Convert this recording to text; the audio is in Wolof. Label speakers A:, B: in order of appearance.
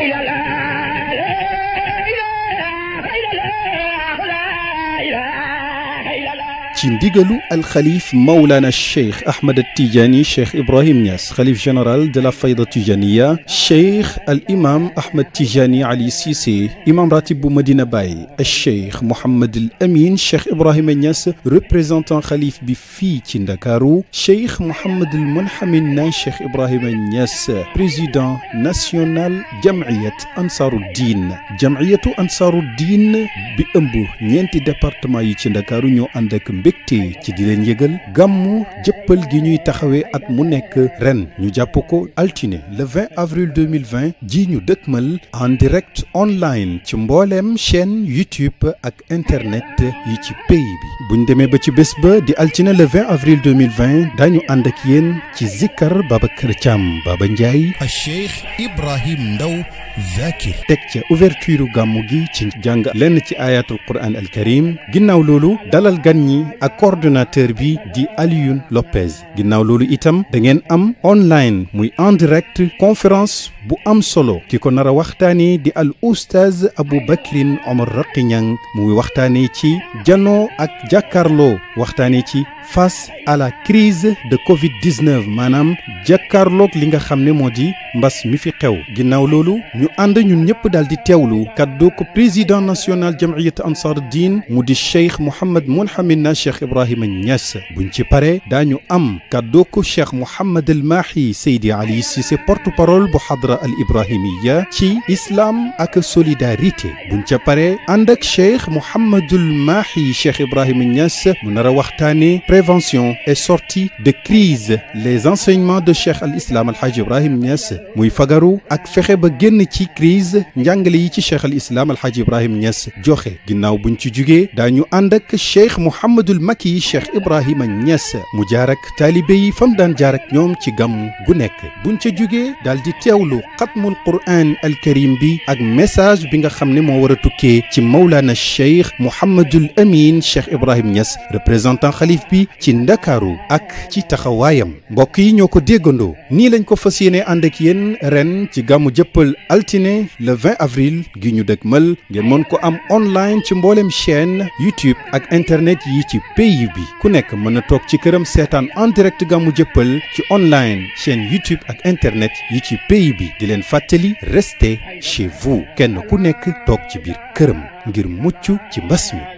A: إلى الآن تندقلو الخليف مولانا الشيخ أحمد التيجاني شيخ إبراهيم نياس خليف جنرال دلا فيضة تيجانية الشيخ الإمام أحمد تيجاني علي سيسي إمام راتب مدينة باي الشيخ محمد الأمين شيخ إبراهيم نياس ريبريزنتان خليف بفي تندكارو شيخ محمد المنحمين شيخ إبراهيم نياس بريزيدان ناسيونال جمعية أنصار الدين جمعية أنصار الدين بأمبو نينتي ديبارتما يتندكارو نيو عندك mbégte ci di leen yëgal gàmmu jëppal gi ñuy taxawee at mu nekk ren ñu jàpp ko altine le 20 avril 2020 ji ñu dëkkmal en direct online ci mbooleem chaîne YouTube ak internet yi ci pays bi buñ demee ba ci bés ba di altine le 20 avril 2020 daañu ànd ak yéen ci zikkar Babacar cam Baba Ndiaye a Cheikh Ibrahim Ndaw Zakir teg ca ouverture gàmmu gi ci jàng lenn ci ayatul Quran al Karim ginnaaw loolu dalal gan ñi ak coordonnateur bi di Alioune Lopez ginnaaw loolu itam da ngeen am online muy en direct bu am solo ki ko nara a waxtaanee di al oustaz abu Bakrin Omar Raqiñang muy waxtaanee ci janoo ak jàkkaarloo waxtaanee ci face à la crise de Covid 19 maanaam jàkkaarloog li nga xam ne moo di mbas mi fi xew ginnaaw loolu ñu ànd ñun ñëpp daal di teewlu kaddu ko président national jamiyat ansar diin mu di cheikh Mouhamed Mounhamid na cheikh Ibrahima Niass buñ ci pare daañu am kaddu ko cheikh Mouhamed El Mahi Seydi Ali Cissé porte parole bu xadra al Ibrahimiya ci islaam ak solidarité buñ ca pare ànd ak cheikh Mouhamedul Mahi cheikh Ibrahima Niass mu nar a waxtaanee. prévention et sortie de crise les enseignements de Cheikh al Islam al hajj Ibrahim Nias, Mouy fagaru ak fexe ba génn ci crise njàngale yi ci Cheikh al Islam al hajj Ibrahim Nias, joxe ginnaaw buñ ci jugee daañu ànd ak Cheikh Mouhamadul Maki Cheikh Ibrahim Nias, mu jaar ak taalibe yi fam daan jaar ak ñoom ci gàmm gu nekk buñ ca jugee daal di teewlu xatmul Qur'an al Karim bi ak message bi nga xam ne moo war ci Mawlana Cheikh Mouhamadul Amin Cheikh Ibrahim Nias, représentant xalif bi ci ndakaaru ak ci taxawaayam mbokk yi ñoo ko déggandoo nii lañ ko fas yéene ànd ak yéen ren ci gàmmu jëppal altine le 20 avril gi ñu dëgmal ngeen mën ko am online ci mboolem chaîne YouTube ak internet yi ci pays bi ku nekk mën a toog ci këram seetaan en direct gàmmu jëppal ci online chaîne YouTube ak internet yi ci pays bi di leen fàttali resté chez vous kenn ku nekk toog ci biir këram ngir mucc ci mbas mi